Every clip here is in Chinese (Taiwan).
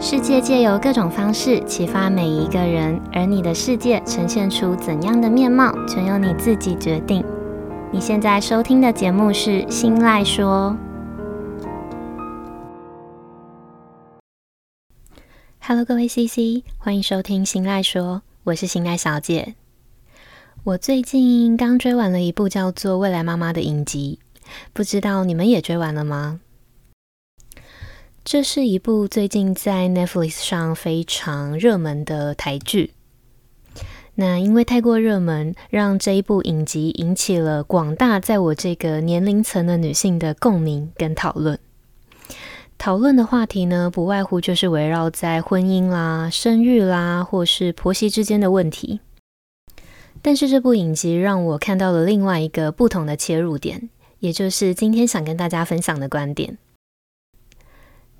世界借由各種方式啟發每一個人，而你的世界呈現出怎樣的面貌，全由你自己決定。你現在收聽的節目是《心賴說》。Hello，各位 CC，歡迎收聽《心賴說》，我是心賴小姐。我最近剛追完了一部叫做《未來媽媽》的影集，不知道你們也追完了嗎？這是一部最近在 Netflix 上非常熱門的台劇。那因為太過熱門，讓這一部影集引起了廣大在我這個年齡層的女性的共鳴跟討論。討論的話題呢，不外乎就是圍繞在婚姻啦、生育啦，或是婆媳之間的問題。但是這部影集讓我看到了另外一個不同的切入點，也就是今天想跟大家分享的觀點。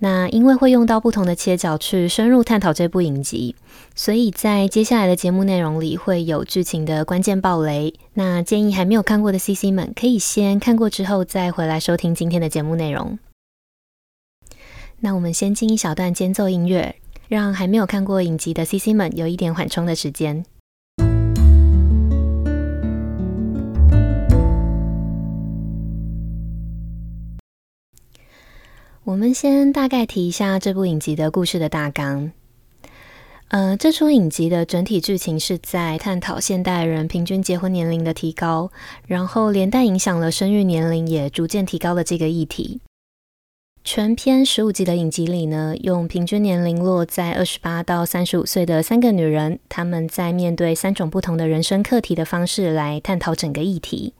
那因為會用到不同的切角去深入探討這部影集，所以在接下來的節目內容裡會有劇情的關鍵爆雷。那建議還沒有看過的 CC 們，可以先看過之後再回來收聽今天的節目內容。那我們先進一小段間奏音樂，讓還沒有看過影集的 CC 們有一點緩衝的時間。我們先大概提一下這部影集的故事的大綱。呃，這出影集的整體劇情是在探討現代人平均結婚年齡的提高，然後連帶影響了生育年齡，也逐漸提高了這個議題。全篇十五集的影集裡呢，用平均年齡落在二十八到三十五歲的三個女人，她們在面對三種不同的人生課題的方式來探討整個議題。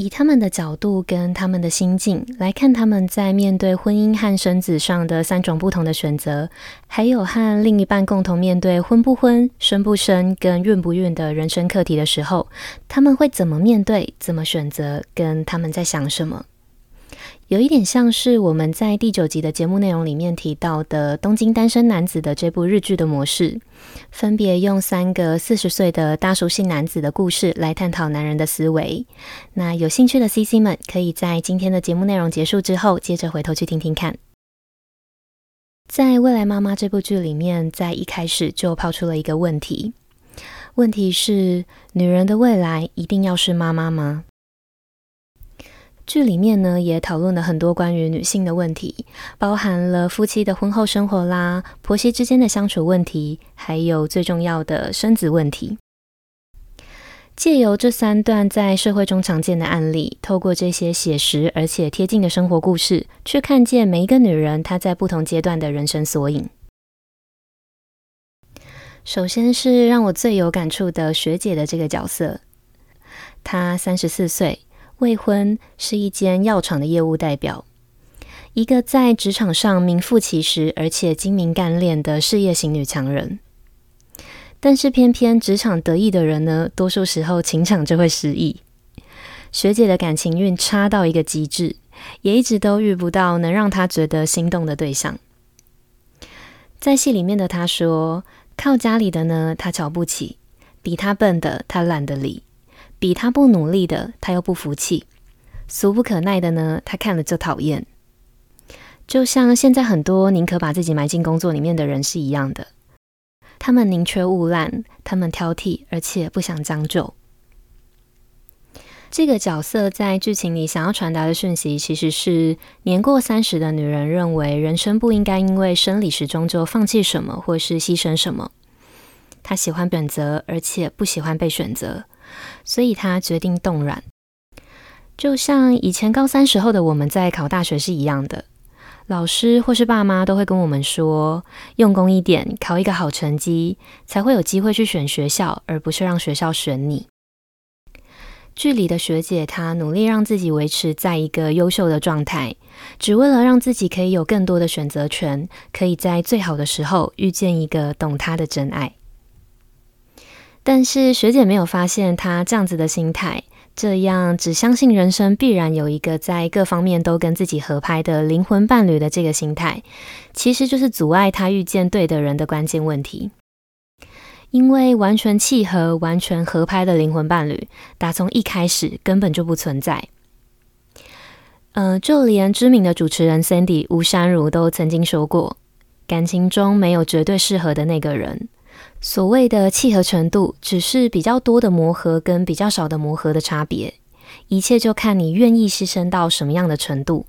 以他們的角度跟他們的心境來看，他們在面對婚姻和生子上的三種不同的選擇，還有和另一半共同面對婚不婚、生不生、跟孕不孕的人生課題的時候，他們會怎麼面對、怎麼選擇，跟他們在想什麼？有一點像是我們在第九集的節目內容裡面提到的《東京單身男子》的這部日劇的模式，分別用三個四十歲的大叔性男子的故事來探討男人的思維。那有興趣的 CC 們，可以在今天的節目內容結束之後，接着回頭去聽聽看。在《未來媽媽》這部劇裡面，在一開始就拋出了一個問題：問題是，女人的未來一定要是媽媽嗎？劇裡面呢，也討論了很多關於女性的問題，包含了夫妻的婚後生活啦、婆媳之間的相處問題，還有最重要的生子問題。借由這三段在社會中常見的案例，透過這些寫實而且貼近的生活故事，去看見每一個女人她在不同階段的人生縮影。首先是讓我最有感觸的學姐的這個角色，她三十四歲。未婚，是一間藥廠的業務代表，一個在職場上名副其實，而且精明幹練的事業型女強人。但是偏偏職場得意的人呢，多數時候情場就會失意。學姐的感情運差到一個極致，也一直都遇不到能讓她覺得心動的對象。在戲裡面的她說：“靠家裡的呢，她瞧不起；比她笨的，她懶得理。”比他不努力的，他又不服氣；俗不可耐的呢，他看了就討厭。就像現在很多寧可把自己埋進工作裡面的人是一樣的，他們寧缺毋濫，他們挑剔，而且不想將就。這個角色在劇情裡想要傳達的訊息，其實是年過三十的女人認為，人生不應該因為生理時鐘就放棄什麼，或是犧牲什麼。她喜歡選擇，而且不喜歡被選擇。所以他決定凍卵，就像以前高三時候的我們在考大學是一樣的，老師或是爸媽都會跟我們說，用功一點，考一個好成績，才會有機會去選學校，而不是讓學校選你。劇裡的學姐，她努力讓自己維持在一個優秀的狀態，只為了讓自己可以有更多的選擇權，可以在最好的時候遇見一個懂她的真愛。但是學姐沒有發現，她這樣子的心態，這樣只相信人生必然有一個在各方面都跟自己合拍的靈魂伴侶的這個心態，其實就是阻礙她遇見對的人的關鍵問題。因為完全契合、完全合拍的靈魂伴侶，打從一開始根本就不存在。呃，就連知名的主持人 Sandy 吳姍儒都曾經說過，感情中沒有絕對適合的那個人。所謂的契合程度，只是比較多的磨合跟比較少的磨合的差別，一切就看你願意犧牲到什麼樣的程度。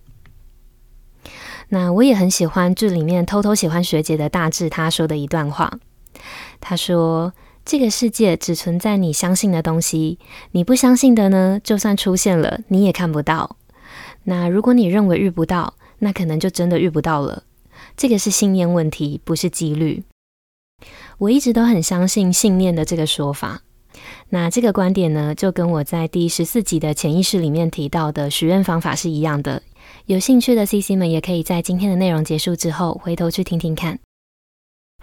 那我也很喜歡劇裡面偷偷喜歡學姐的大志，他說的一段話。他說：“這個世界只存在你相信的東西，你不相信的呢，就算出現了你也看不到。那如果你認為遇不到，那可能就真的遇不到了。這個是信念問題，不是幾率。”我一直都很相信信念的這個說法，那這個觀點呢，就跟我在第十四集的潛意識裡面提到的許願方法是一樣的。有興趣的 CC 們也可以在今天的內容結束之後回頭去聽聽看。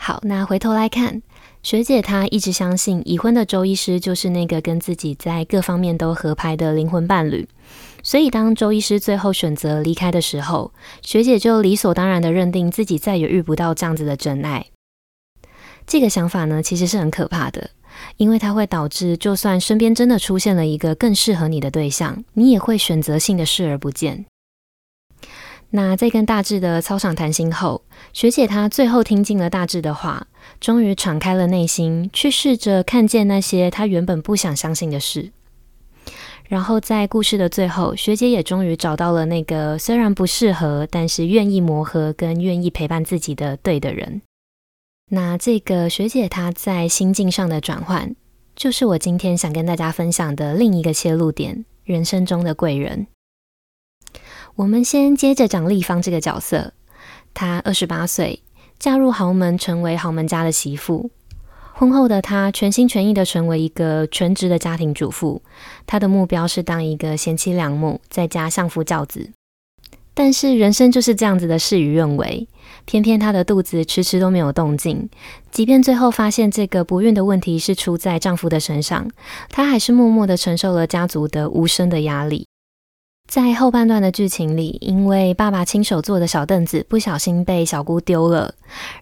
好，那回頭來看，學姐她一直相信已婚的周醫師就是那個跟自己在各方面都合拍的靈魂伴侶，所以當周醫師最後選擇離開的時候，學姐就理所當然的認定自己再也遇不到這樣子的真愛。這個想法呢，其實是很可怕的，因為它會導致，就算身邊真的出現了一個更適合你的對象，你也會選擇性的視而不見。那在跟大志的操場談心後，學姐她最後聽進了大志的話，終於敞開了內心，去試着看見那些她原本不想相信的事。然後在故事的最後，學姐也終於找到了那個雖然不適合，但是願意磨合跟願意陪伴自己的對的人。那這個學姐她在心境上的轉換，就是我今天想跟大家分享的另一個切入點——人生中的貴人。我們先接着講麗芳這個角色。她二十八歲，嫁入豪門，成為豪門家的媳婦。婚後的她全心全意的成為一個全職的家庭主婦，她的目標是當一個賢妻良母，在家相夫教子。但是人生就是這樣子的，事與願違。偏偏她的肚子遲遲都沒有動靜，即便最後發現這個不孕的問題是出在丈夫的身上，她還是默默的承受了家族的無聲的壓力。在後半段的劇情裡，因為爸爸親手做的小凳子不小心被小姑丟了，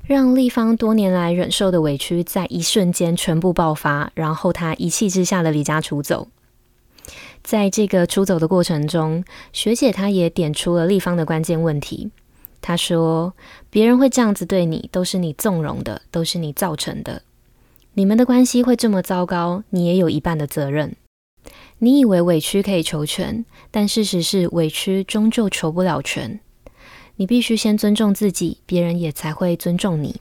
讓麗芳多年來忍受的委屈在一瞬間全部爆發，然後她一氣之下的離家出走。在這個出走的過程中，學姐她也點出了麗芳的關鍵問題。他說：“別人會這樣子對你，都是你縱容的，都是你造成的。你們的關係會這麼糟糕，你也有一半的責任。你以為委屈可以求全，但事實是委屈終究求不了全。你必須先尊重自己，別人也才會尊重你。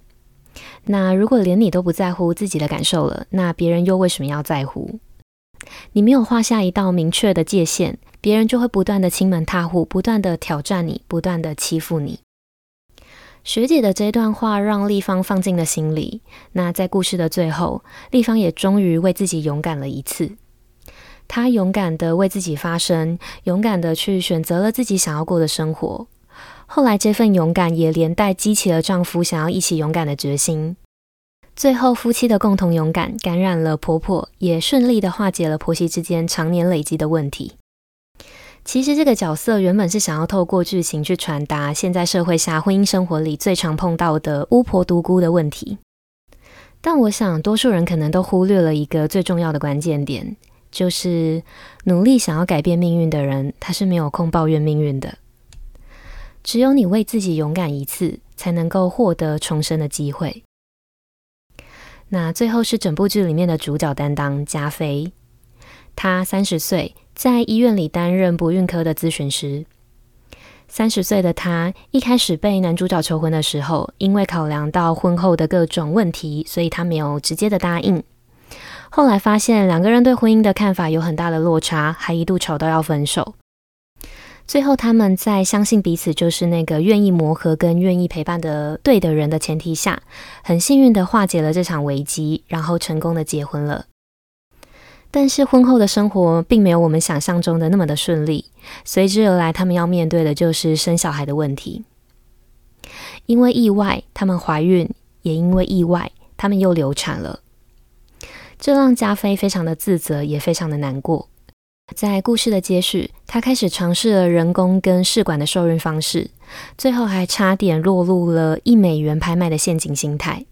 那如果連你都不在乎自己的感受了，那別人又為什麼要在乎？你沒有畫下一道明確的界限，別人就會不斷的欺門踏戶，不斷的挑戰你，不斷的欺負你。”學姐的這段話讓麗芳放進了心裡。那在故事的最後，麗芳也終於為自己勇敢了一次，她勇敢的為自己發聲，勇敢的去選擇了自己想要過的生活。後來，這份勇敢也連帶激起了丈夫想要一起勇敢的決心。最後，夫妻的共同勇敢感染了婆婆，也順利的化解了婆媳之間常年累積的問題。其實這個角色原本是想要透過劇情去傳達，現在社會下婚姻生活裡最常碰到的巫婆獨孤的問題。但我想，多數人可能都忽略了一個最重要的關鍵點，就是努力想要改變命運的人，他是沒有空抱怨命運的。只有你為自己勇敢一次，才能夠獲得重生的機會。那最後是整部劇裡面的主角擔當加菲，他三十歲。在醫院裡擔任不孕科的諮詢師，三十歲的他一開始被男主角求婚的時候，因為考量到婚後的各種問題，所以他沒有直接的答應。後來發現兩個人對婚姻的看法有很大的落差，還一度吵到要分手。最後他們在相信彼此就是那個願意磨合跟願意陪伴的對的人的前提下，很幸運的化解了這場危機，然後成功的結婚了。但是婚後的生活並沒有我們想象中的那麼的順利，隨之而來，他們要面對的就是生小孩的問題。因為意外，他們懷孕，也因為意外，他們又流產了。這讓加菲非常的自責，也非常的難過。在故事的接續，他開始嘗試了人工跟試管的受孕方式，最後還差點落入了一美元拍賣的陷阱心態。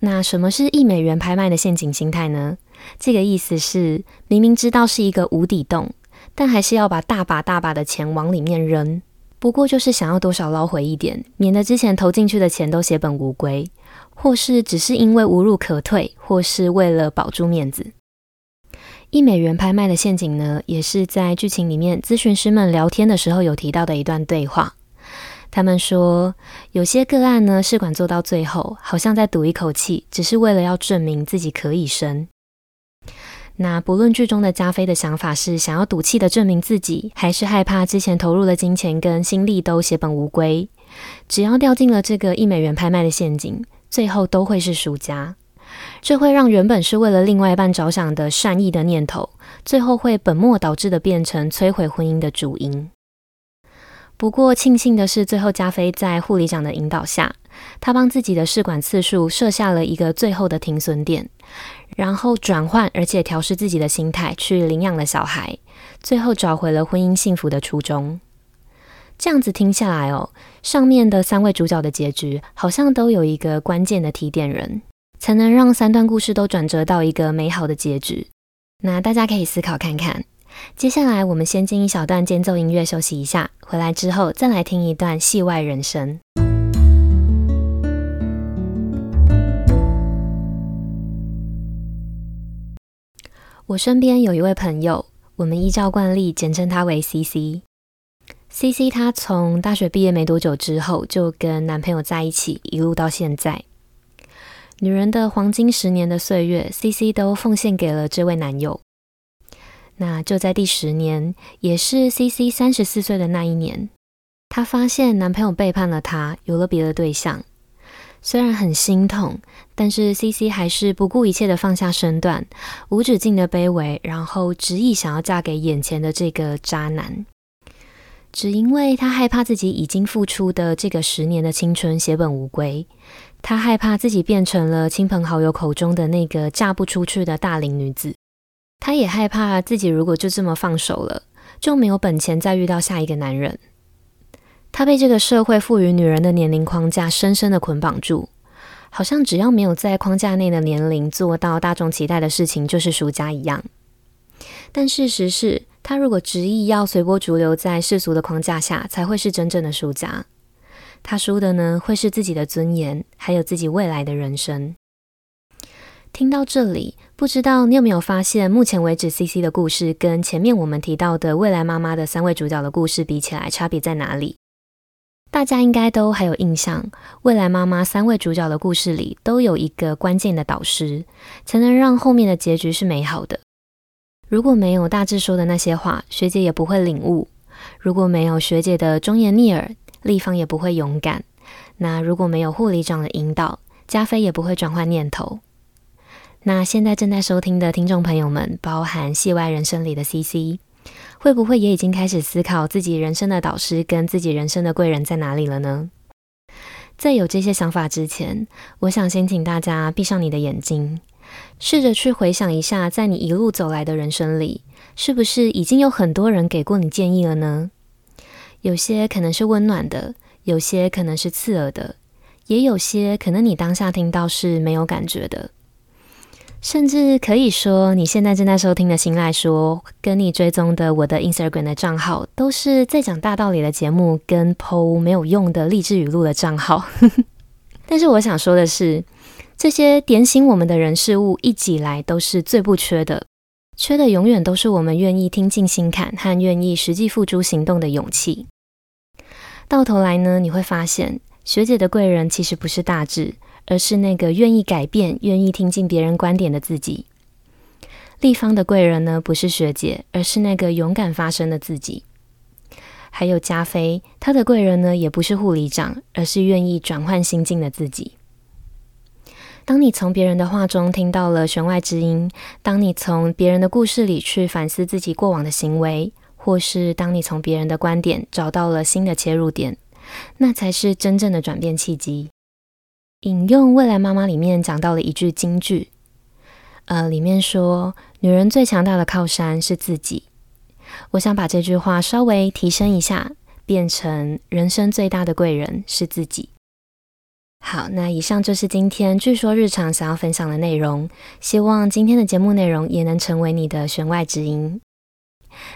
那什麼是“一美元拍賣的陷阱心態”呢？這個意思是，明明知道是一個無底洞，但還是要把大把大把的錢往裡面扔。不過就是想要多少撈回一點，免得之前投進去的錢都血本無歸，或是只是因為無路可退，或是為了保住面子。一美元拍賣的陷阱呢，也是在劇情裡面諮詢師們聊天的時候有提到的一段對話。他們說，有些個案呢，試管做到最後，好像在賭一口氣，只是為了要證明自己可以生。那不論劇中的加菲的想法是想要賭氣的證明自己，還是害怕之前投入的金錢跟心力都血本無歸，只要掉進了這個一美元拍賣的陷阱，最後都會是輸家。這會讓原本是為了另外一半着想的善意的念頭，最後會本末倒置的變成摧毀婚姻的主因。不過慶幸的是，最後加菲在護理長的引導下，他幫自己的試管次數設下了一個最後的停損點，然後轉換而且調試自己的心態去領養了小孩，最後找回了婚姻幸福的初衷。這樣子聽下來哦，上面的三位主角的結局好像都有一個關鍵的提點人，才能讓三段故事都轉折到一個美好的結局。那大家可以思考看看。接下來我們先進一小段間奏音樂休息一下，回來之後再來聽一段戲外人生。我身邊有一位朋友，我們依照慣例簡稱她為 CC。CC 她從大學畢業沒多久之後就跟男朋友在一起，一路到現在，女人的黃金十年的歲月，CC 都奉獻給了這位男友。那就在第十年，也是 CC 三十四歲的那一年，她發現男朋友背叛了她，有了別的對象。雖然很心痛，但是 CC 還是不顧一切的放下身段，無止境的卑微，然後執意想要嫁給眼前的這個渣男。只因為他害怕自己已經付出的這個十年的青春血本無歸，他害怕自己變成了親朋好友口中的那個嫁不出去的大齡女子。他也害怕自己如果就這麼放手了，就沒有本錢再遇到下一個男人。她被這個社會賦予女人的年齡框架深深的捆綁住，好像只要沒有在框架內的年齡做到大眾期待的事情，就是輸家一樣。但事實是，她如果執意要隨波逐流，在世俗的框架下，才會是真正的輸家。她輸的呢，會是自己的尊嚴，還有自己未來的人生。聽到這裡，不知道你有沒有發現，目前為止 CC 的故事跟前面我們提到的未來媽媽的三位主角的故事比起來，差別在哪裡？大家應該都還有印象，《未來媽媽》三位主角的故事裡都有一個關鍵的導師，才能讓後面的結局是美好的。如果沒有大志說的那些話，學姐也不會領悟；如果沒有學姐的忠言逆耳，麗芳也不會勇敢；那如果沒有護理長的引導，嘉菲也不會轉換念頭。那現在正在收聽的聽眾朋友們，包含《戲外人生》裡的 CC。會不會也已經開始思考自己人生的導師跟自己人生的貴人在哪裡了呢？在有這些想法之前，我想先請大家閉上你的眼睛，試着去回想一下，在你一路走來的人生裡，是不是已經有很多人給過你建議了呢？有些可能是溫暖的，有些可能是刺耳的，也有些可能你當下聽到是沒有感覺的。甚至可以說，你現在正在收聽的《心賴說》，跟你追蹤的我的 Instagram 的賬號，都是在講大道理的節目跟 po 沒有用的勵志語錄的賬號。 但是我想說的是，這些點醒我們的人事物一直以來，都是最不缺的，缺的永遠都是我們願意聽進心坎和願意實際付諸行動的勇氣。到頭來呢，你會發現，學姐的貴人其實不是大志。而是那個願意改變、願意聽進別人觀點的自己。立方的貴人呢，不是學姐，而是那個勇敢發聲的自己。還有加飛，他的貴人呢，也不是護理長，而是願意轉換心境的自己。當你從別人的話中聽到了弦外之音，當你從別人的故事裡去反思自己過往的行為，或是當你從別人的觀點找到了新的切入點，那才是真正的轉變契機。引用《未來媽媽》裡面講到的一句金句，呃，裡面說女人最強大的靠山是自己。我想把這句話稍微提升一下，變成人生最大的貴人是自己。好，那以上就是今天劇說日常想要分享的內容，希望今天的節目內容也能成為你的弦外之音。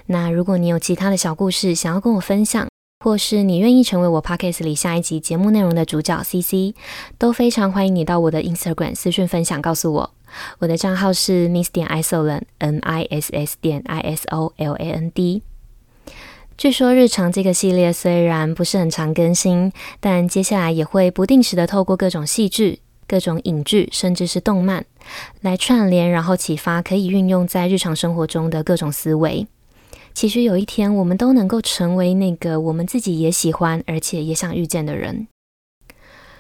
那如果你有其他的小故事想要跟我分享。或是你願意成為我 podcast 裡下一集節目內容的主角，C C，都非常歡迎你到我的 Instagram 私訊分享，告訴我，我的賬號是 Miss 點 Isoland，M I S S 點 I S O L A N D。劇說日常這個系列雖然不是很常更新，但接下來也會不定時的透過各種戲劇、各種影劇，甚至是動漫來串聯，然後啟發可以運用在日常生活中的各種思維。其實有一天，我們都能夠成為那個我們自己也喜歡，而且也想遇見的人。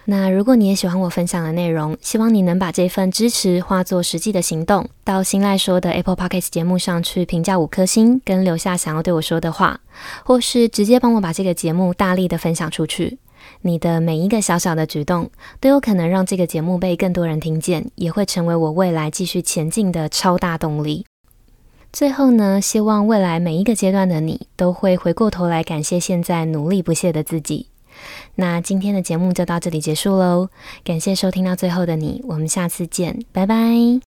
那如果你也喜歡我分享的內容，希望你能把這份支持化作實際的行動，到心賴說的 Apple Podcasts 節目上去評價五顆星，跟留下想要對我說的話，或是直接幫我把這個節目大力的分享出去。你的每一個小小的舉動，都有可能讓這個節目被更多人聽見，也會成為我未來繼續前進的超大動力。最後呢，希望未來每一個階段的你，都會回過頭來感謝現在努力不懈的自己。那今天的節目就到這裡結束嘍，感謝收聽到最後的你，我們下次見，拜拜。